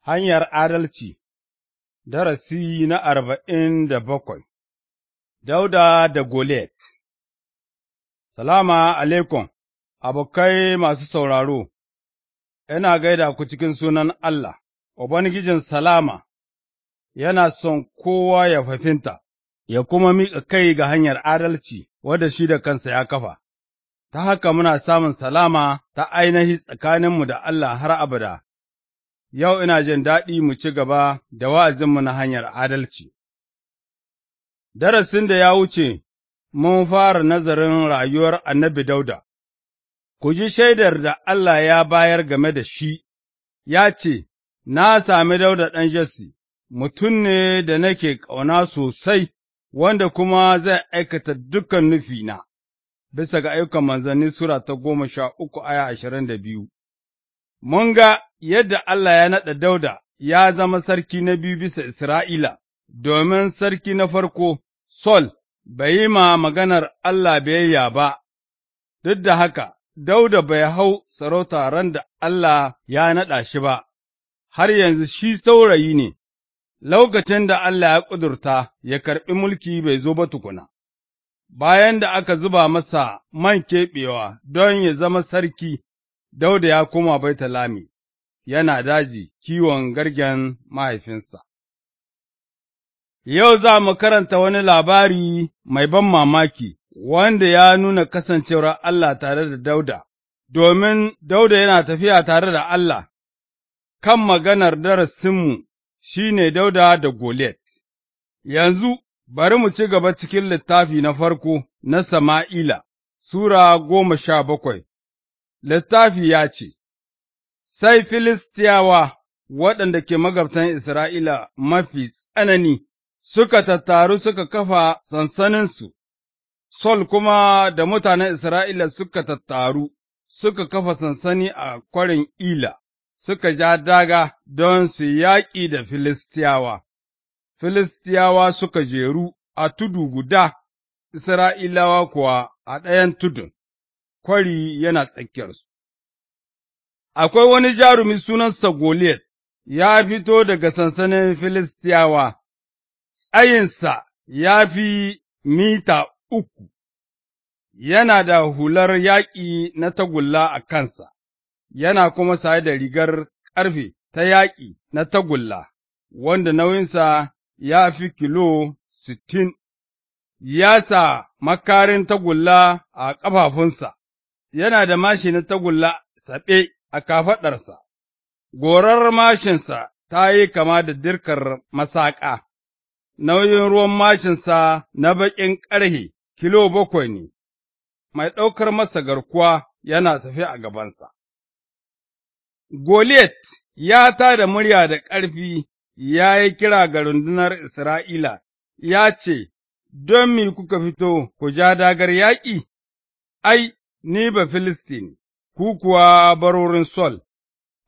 Hanyar Adalci Darasi na arba'in da bakwai Dauda da Golet Salama alaikum, abokai masu sauraro, ina gaida ku cikin sunan Allah, Ubangijin Salama, yana son kowa ya fafinta, ya kuma mika kai ga hanyar adalci wadda shi da kansa ya kafa, ta haka muna samun salama ta ainihi tsakaninmu da Allah har abada. Yau ina jin daɗi mu ci gaba da wa'azinmu na hanyar adalci. Darasin da ya wuce, mun fara nazarin rayuwar annabi Dauda, ku ji shaidar da Allah ya bayar game da shi, ya ce, Na sami Dauda ɗan Jesse, mutum ne da nake ƙauna sosai, wanda kuma zai aikata dukan nufina, bisa ga ayyukan manzanni Sura ta goma sha uku aya ashirin da biyu. mun ga yadda Allah ya naɗa Dauda ya zama sarki na biyu bisa Isra'ila, domin sarki na farko, Sol, bai yi ma maganar Allah biyayya ba, duk da haka, Dauda bai hau sarauta ran da Allah ya naɗa shi ba, har yanzu shi saurayi ne, lokacin da Allah ya ƙudurta ya karɓi mulki bai zo ba tukuna. Bayan da aka zuba masa man keɓewa don ya zama sarki, Dauda ya koma Baitalami, yana daji kiwon gargen mahaifinsa. Yau za mu karanta wani labari mai ban mamaki wanda ya nuna kasancewar Allah tare da Dauda, domin Dauda yana tafiya tare da Allah, kan maganar darasinmu shi ne Dauda da Golet. Yanzu bari mu ci gaba cikin littafi na farko na Sama'ila, Sura goma sha bakwai. littafi ya ce, Sai Filistiyawa waɗanda ke magabtan Isra'ila mafi tsanani suka tattaru suka kafa sansaninsu, Sol kuma da mutanen Isra'ila suka tattaru suka kafa sansani a kwarin Ila, suka ja daga don su yaƙi da Filistiyawa. Filistiyawa suka jeru a tudu guda, Isra'ilawa kuwa a ɗayan tudun. kwari yana tsakiyarsu. Akwai wani jarumi sunansa Goliath, ya fito daga sansanin Filistiyawa, tsayinsa ya fi mita uku, yana da hular yaƙi na tagulla a kansa, yana kuma saye da rigar ƙarfe ta yaƙi na tagulla, wanda nauyinsa ya fi kilo sittin, ya sa makarin tagulla a ƙafafunsa, yana da mashi na tagulla saɓe a kafaɗarsa, gorar mashinsa ta yi kama da dirkar masaƙa, nauyin ruwan mashinsa na baƙin ƙarhe kilo bakwai ne, mai ɗaukar masa garkuwa yana tafe a gabansa. Goliat ya ta da murya da ƙarfi ya yi kira ga rundunar Isra'ila, ya ce, Don me kuka fito ku ja dagar yaƙi? Ai, ni ba Filistini, ku kuwa barorin Sol,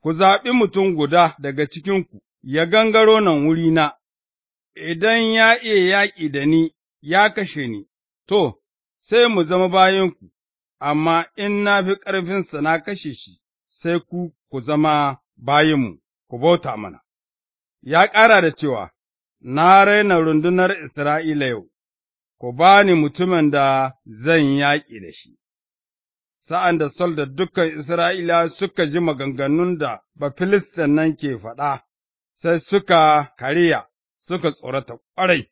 ku zaɓi mutum guda daga cikinku, ya gangaro nan wurina, idan ya iya yaƙi da ni, ya kashe ni, to, sai mu zama bayanku, amma in na fi ƙarfinsa na kashe shi, sai ku ku zama bayinmu, ku bauta mana. Ya ƙara da cewa, Na raina rundunar Isra'ila yau, ku ba ni mutumin da zan yaƙi da shi. sa'an da Sol da dukan Isra'ila suka ji maganganun da Bafilistan nan ke faɗa, sai suka kariya, suka tsorata ƙwarai.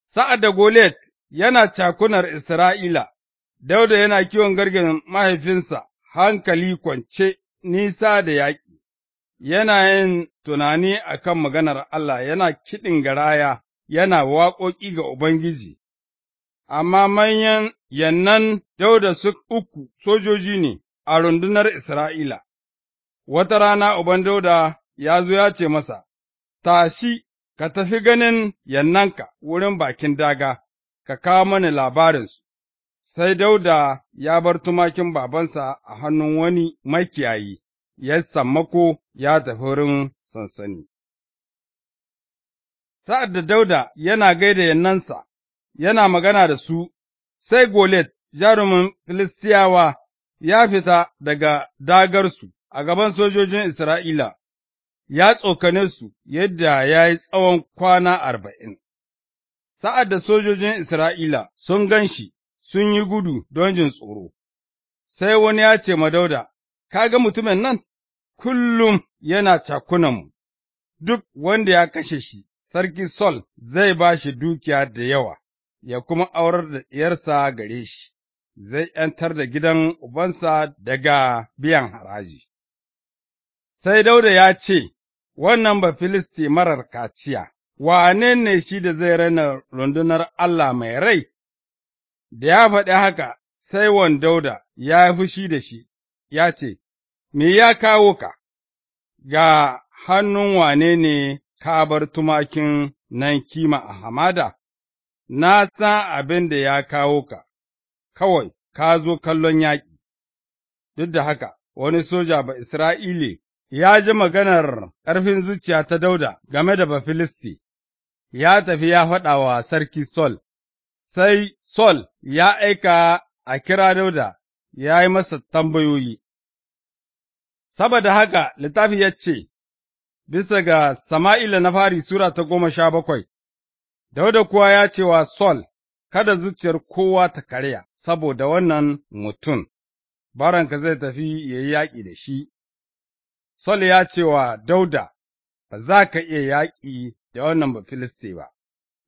Sa'ad da Golet yana cakunar Isra'ila, Dauda yana kiwon gargin mahaifinsa hankali kwance nisa da yaƙi, yana yin tunani a kan maganar Allah, yana kiɗin garaya, yana waƙoƙi ga Ubangiji. amma manyan yannan dauda su uku sojoji ne a rundunar Isra'ila. Wata rana uban dauda ya zo ya ce masa, Tashi, ka tafi ganin yannanka wurin bakin daga, ka kawo mani labarinsu. Sai dauda ya bar tumakin babansa a hannun wani makiyayi, ya sammako ya tafi wurin sansani. Sa'ad da dauda yana gaida yannansa, yana magana da su, sai Golet, jarumin Filistiyawa, ya fita daga dagarsu a gaban sojojin Isra'ila, ya tsokane su yadda ya yi tsawon kwana arba'in. Sa'ad da sojojin Isra'ila sun gan shi, sun yi gudu don jin tsoro, sai wani ya ce Madauda, Ka ga mutumin nan, kullum yana cakunanmu, duk wanda ya kashe shi, Sarki Sol zai ba shi dukiya da yawa. ya kuma aurar da ɗiyarsa gare shi, zai ’yantar da gidan ubansa daga biyan haraji. Sai Dauda ya ce, Wannan ba Filisti marar kaciya, wane ne shi da zai raina rundunar Allah mai rai? Da ya faɗi haka, sai wan Dauda ya fushi da shi, ya ce, Me ya kawo ka, ga hannun wane ne ka bar tumakin nan kima a hamada? na san abin da ya kawo ka, kawai ka zo kallon yaƙi, duk da haka wani soja ba Isra'ile ya ji maganar ƙarfin zuciya ta Dauda game da Bafilisti, ya tafi ya faɗa wa sarki Sol, sai Sol ya aika a kira Dauda ya yi masa tambayoyi. Saboda haka littafi ya ce, Bisa ga Sama'ila na fari Sura ta goma sha bakwai, Dauda kuwa ya ce wa Sol, Kada zuciyar kowa ta karya saboda wannan mutum, baranka zai tafi ya yi yaƙi da shi. Sol ya ce wa Dauda, Ba za ka iya yaƙi da wannan ba filiste ba,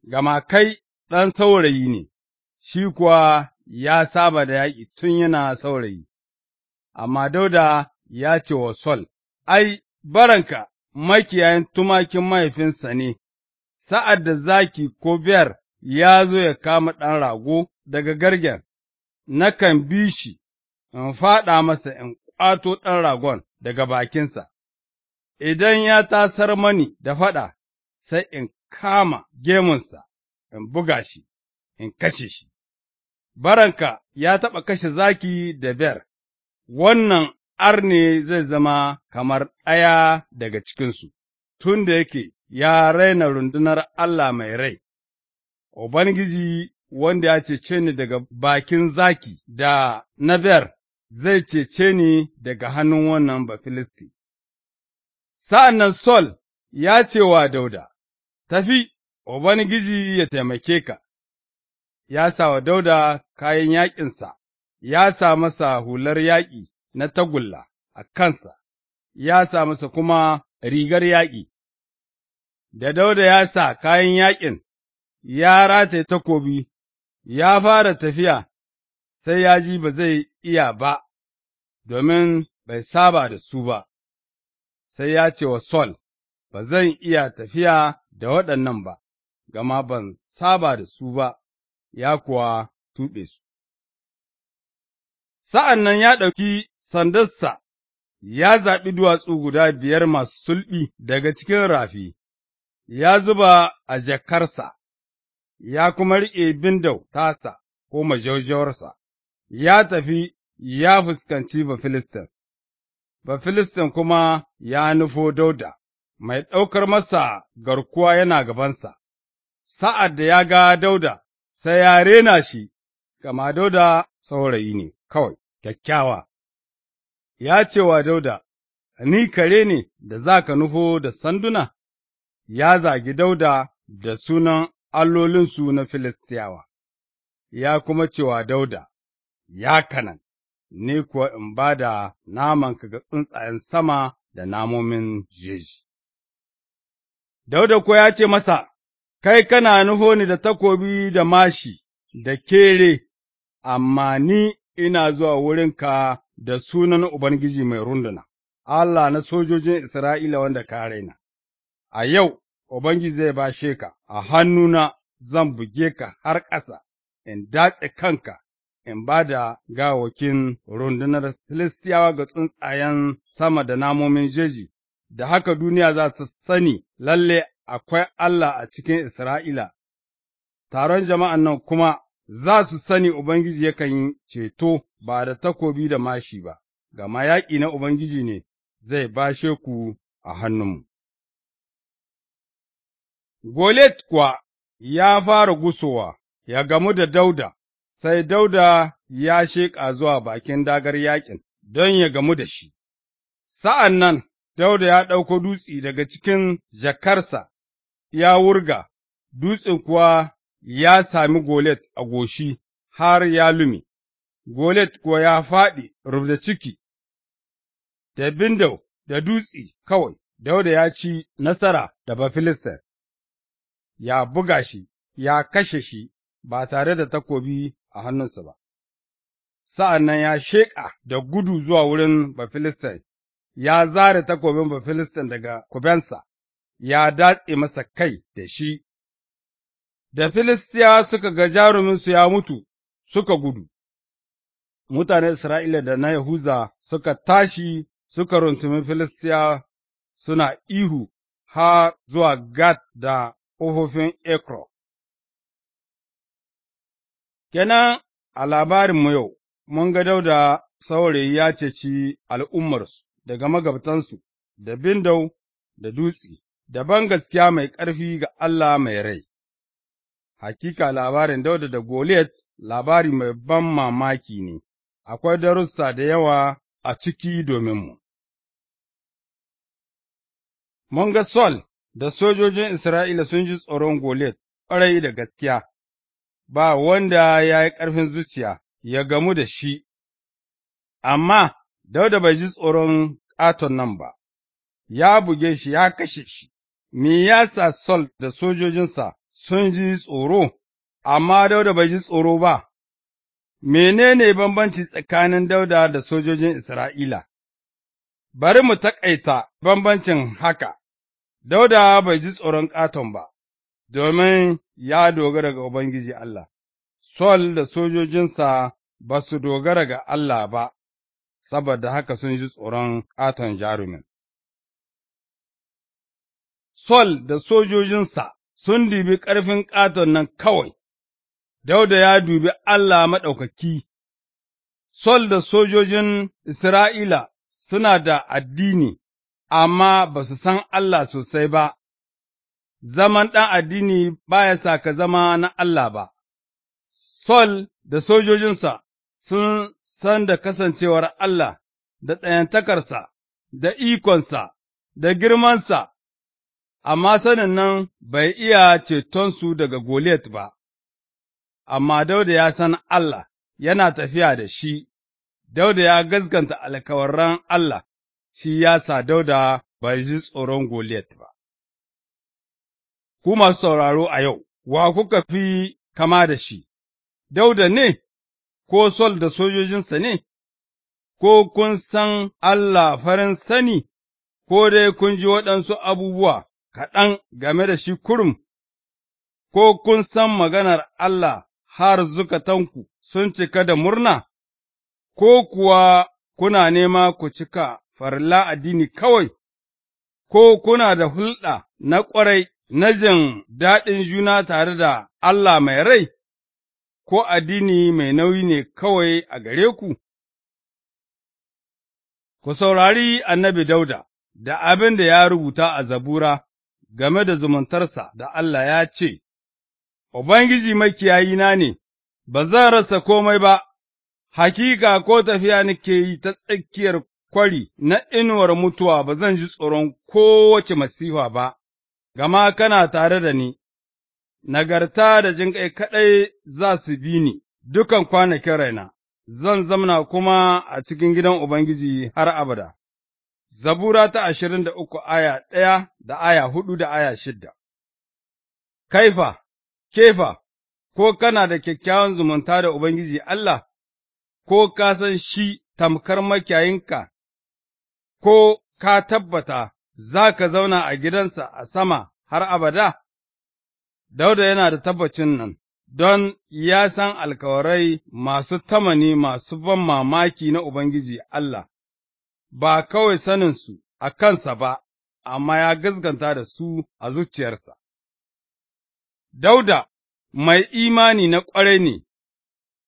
gama kai ɗan saurayi ne, shi kuwa ya saba da yaƙi tun yana saurayi. Amma Dauda ya ce wa Sol, Ai, baranka makiyayin tumakin mahaifinsa ne, sa'ad da zaki ko biyar ya zo ya kama ɗan rago daga gargen, nakan bi shi in faɗa masa in ƙwato ɗan ragon daga bakinsa, idan ya tasar mani da faɗa, sai in kama gemunsa, in buga shi, in kashe shi. Baranka ya taɓa kashe zaki da biyar, wannan arne zai zama kamar ɗaya daga cikinsu. tun da yake ya raina rundunar Allah mai rai, Ubangiji wanda ya cece ni daga bakin zaki da nadar zai cece ni daga hannun wannan Bafilisti. Sa'an nan Sol ya ce wa Dauda, Tafi, Ubangiji ya taimake ka, ya sa wa Dauda kayan yaƙinsa, ya sa masa hular yaƙi na tagulla a kansa, ya sa masa kuma rigar yaƙi, da Dauda ya sa kayan yaƙin, ya rataye takobi, ya fara tafiya, sai ya ji ba zai iya ba, domin bai saba da su ba, sai ya ce wa Sol, Ba zan iya tafiya da waɗannan ba, gama ban saba da su ba, ya kuwa tuɓe su. Sa'an nan ya ɗauki sandarsa, ya zaɓi duwatsu guda biyar masu sulɓi daga cikin rafi, ya zuba a jakarsa, ya kuma riƙe bindau tasa ko majaujawarsa, ya tafi ya fuskanci Bafilistin, Bafilistin kuma ya nufo Dauda, mai ɗaukar masa garkuwa yana gabansa, sa'ad da ya ga Dauda sai ya rena shi, gama Dauda saurayi ne kawai, kyakkyawa. Ya ce wa Dauda, Ni kare ne da za ka nufo da sanduna? ya zagi Dauda da sunan allolinsu na Filistiyawa, ya kuma cewa Dauda, Ya kanan, ni kuwa in ba da namanka ga tsuntsayen sama da namomin jeji. Dauda ko ya ce masa, Kai kana nufo ni da takobi da mashi da kere, amma ni ina zuwa wurinka da sunan Ubangiji mai runduna, Allah na sojojin Isra'ila wanda ka raina. a yau Ubangiji zai bashe ka, a hannuna zan buge ka har ƙasa, in datse kanka, in ba da gawakin rundunar Filistiyawa ga tsuntsayen sama da namomin jeji, da haka duniya za ta sani lalle akwai Allah a cikin Isra'ila, taron jama'an nan kuma za su sani Ubangiji yakan yi ceto ba da takobi da mashi ba, gama yaƙi na Ubangiji ne zai bashe ku a hannunmu. Golet kuwa ya fara gusowa ya gamu da Dauda, sai Dauda ya sheƙa zuwa bakin dagar yaƙin don ya gamu da shi. Sa'an nan Dauda ya ɗauko dutse daga cikin jakarsa ya wurga, dutsin kuwa ya sami Golet a goshi har ya lumi. Golet kuwa ya faɗi rubda ciki, da bindau da dutse kawai, Dauda ya ci nasara da Bafilistar. ya buga shi, ya kashe shi ba tare da takobi a hannunsa ba. Sa'an nan ya sheƙa da gudu zuwa wurin Bafilistin, ya zare takobin Bafilistin daga kubensa, ya datse masa kai da shi. Da Filistiya suka ga jaruminsu ya mutu, suka gudu. Mutanen Isra'ila da na Yahuza suka tashi suka runtumi Filistiya suna ihu har zuwa Gat da ƙofofin ekro. Kenan a labarinmu yau, mun ga dauda saurayi ya ceci al'ummarsu daga magabtansu, da bindau, da dutse, da ban gaskiya mai ƙarfi ga Allah mai rai. Hakika labarin dauda da Goliath labari mai ban mamaki ne, akwai darussa da yawa a ciki dominmu. Mun ga Sol da sojojin Isra'ila sun ji tsoron Golet ƙwarai da gaskiya, ba wanda ya yi ƙarfin zuciya ya gamu da shi, amma Dauda bai ji tsoron ƙaton nan ba, ya buge shi ya kashe shi, me ya sa Sol da sojojinsa sun ji tsoro, amma Dauda bai ji tsoro ba, menene bambanci tsakanin Dauda da sojojin Isra'ila? Bari mu taƙaita bambancin haka. Dauda bai ji tsoron ƙaton ba, domin ya dogara ga Ubangiji Allah, Sol da sojojinsa ba su dogara ga Allah ba, saboda haka sun ji tsoron ƙaton jarumin. Sol da sojojinsa sun dubi ƙarfin ƙaton nan kawai, Dauda ya dubi Allah maɗaukaki, Sol da sojojin Isra'ila suna da addini, amma ba su san Allah sosai ba, zaman ɗan addini ba ya sa ka zama na Allah ba, Sol da sojojinsa sun san da kasancewar Allah, da tsayantakarsa, da ikonsa, da girmansa, amma sanin nan bai iya cetonsu daga Goliat ba, amma Dauda ya san Allah yana tafiya da shi, Dauda ya gaskanta alkawaran Allah. shi ya sa Dauda bai ji tsoron goliat ba. Ku masu sauraro a yau, wa kuka fi kama da shi, Dauda ne, ko Sol da sojojinsa ne, ko kun san Allah farin sani, ko dai kun ji waɗansu abubuwa kaɗan game da shi kurum, ko kun san maganar Allah har zukatanku sun cika da murna, ko kuwa kuna nema ku cika Farla addini kawai, ko kuna da hulɗa na ƙwarai na jin daɗin juna tare da Allah mai rai, ko addini mai nauyi ne kawai a gare ku? Ku saurari annabi Dauda da abin da ya rubuta a zabura game da zumuntarsa da Allah ya ce, Ubangiji makiyayina ne, ba zan rasa komai ba, hakika ko tafiya nake yi ta tsakiyar kwari na inuwar mutuwa ba zan ji tsoron kowace masifa ba, gama kana tare da ni, nagarta da jin kai kaɗai za su bi ni dukan kwanakin raina, zan zamna kuma a cikin gidan Ubangiji har abada. Zabura ta ashirin da uku aya ɗaya da aya hudu da aya shidda Kaifa, kefa, ko kana da kyakkyawan zumunta da Ubangiji Allah, ko ka san shi tamkar makiyayinka ko ka tabbata za ka zauna a gidansa a sama har abada? Dauda yana da tabbacin nan, don ya san alkawarai masu tamani masu ban mamaki na Ubangiji Allah, ba kawai saninsu a kansa ba, amma ya gaskanta da su a zuciyarsa. Dauda mai imani na ƙwarai ne,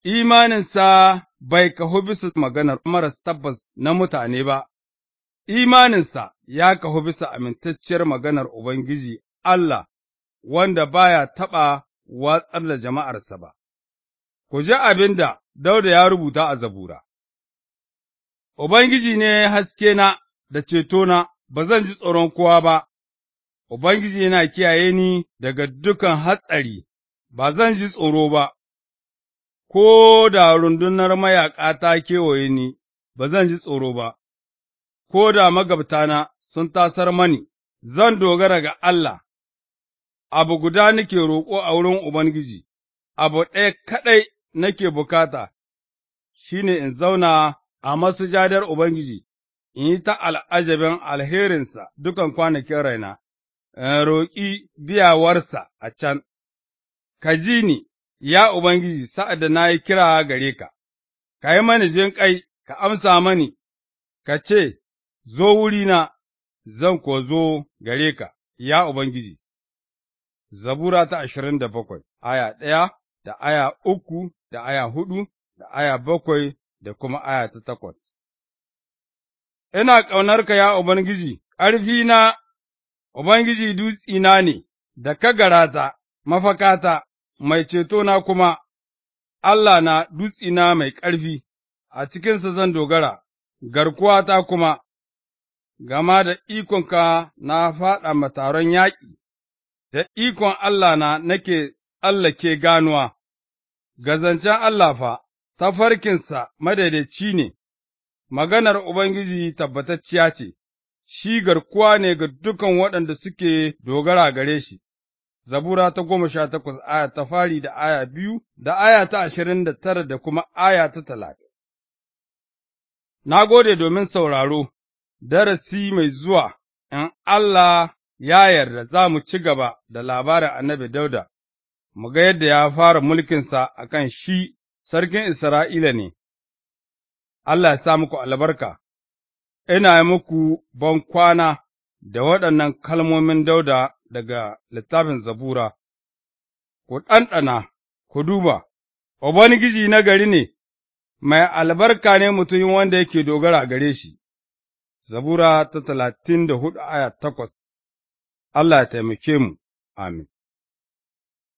imaninsa bai kahu bisa maganar maras tabbas na mutane ba, imaninsa ya kahu bisa amintacciyar maganar Ubangiji Allah, wanda baya taɓa watsar da jama'arsa ba, ku ji abin da Dauda ya rubuta a zabura, Ubangiji ne haske na da cetona, ba zan ji tsoron kowa ba, Ubangiji yana kiyaye ni daga dukan hatsari, ba zan ji tsoro ba, ko da rundunar mayaƙa ta kewaye ni, ba zan ji tsoro ba. ko da magabtana sun tasar mani, zan dogara ga Allah, abu guda nake roƙo a wurin Ubangiji, abu ɗaya kaɗai nake bukata, shi ne in zauna a masujadar Ubangiji, in yi ta al'ajabin alherinsa dukan kwanakin raina, in roƙi biyawarsa a can, ka ji ni, ya Ubangiji, sa'ad da na yi kira gare ka, ka yi mani jin ƙai ka amsa mani, ka ce, Zo wurina, zan kuwa zo gare ka, ya Ubangiji. Zabura ta ashirin da bakwai, aya ɗaya, da aya uku, da aya hudu, da aya bakwai, da kuma aya ta takwas. Ina ƙaunarka, ya Ubangiji, na Ubangiji dutsina ne, da kagarata, mafakata, mai ceto na kuma, Allah na dutsina mai ƙarfi, a cikinsa zan dogara, garkuwata kuma, gama da ikonka na faɗa ma taron yaƙi, da ikon Allah na nake tsallake ganuwa, ga zancen Allah fa, tafarkinsa madaidaici ne, maganar Ubangiji tabbatacciya ce, shi garkuwa ne ga dukan waɗanda suke dogara gare shi. Zabura ta goma sha takwas aya ta fari da aya biyu da aya ta ashirin da tara da kuma aya ta talatin. Na gode domin sauraro. darasi mai zuwa, in Allah ya yarda za mu ci gaba da labarin annabi Dauda, mu ga yadda ya fara mulkinsa a kan shi sarkin Isra'ila ne, Allah ya sa muku albarka, ina yi muku ban kwana da waɗannan kalmomin Dauda daga littafin Zabura, ku ɗanɗana, ku duba, Ubangiji na gari ne, mai albarka ne mutumin wanda yake dogara gare shi. Zabura ta talatin da hudu aya takwas, Allah ya taimake mu, amin.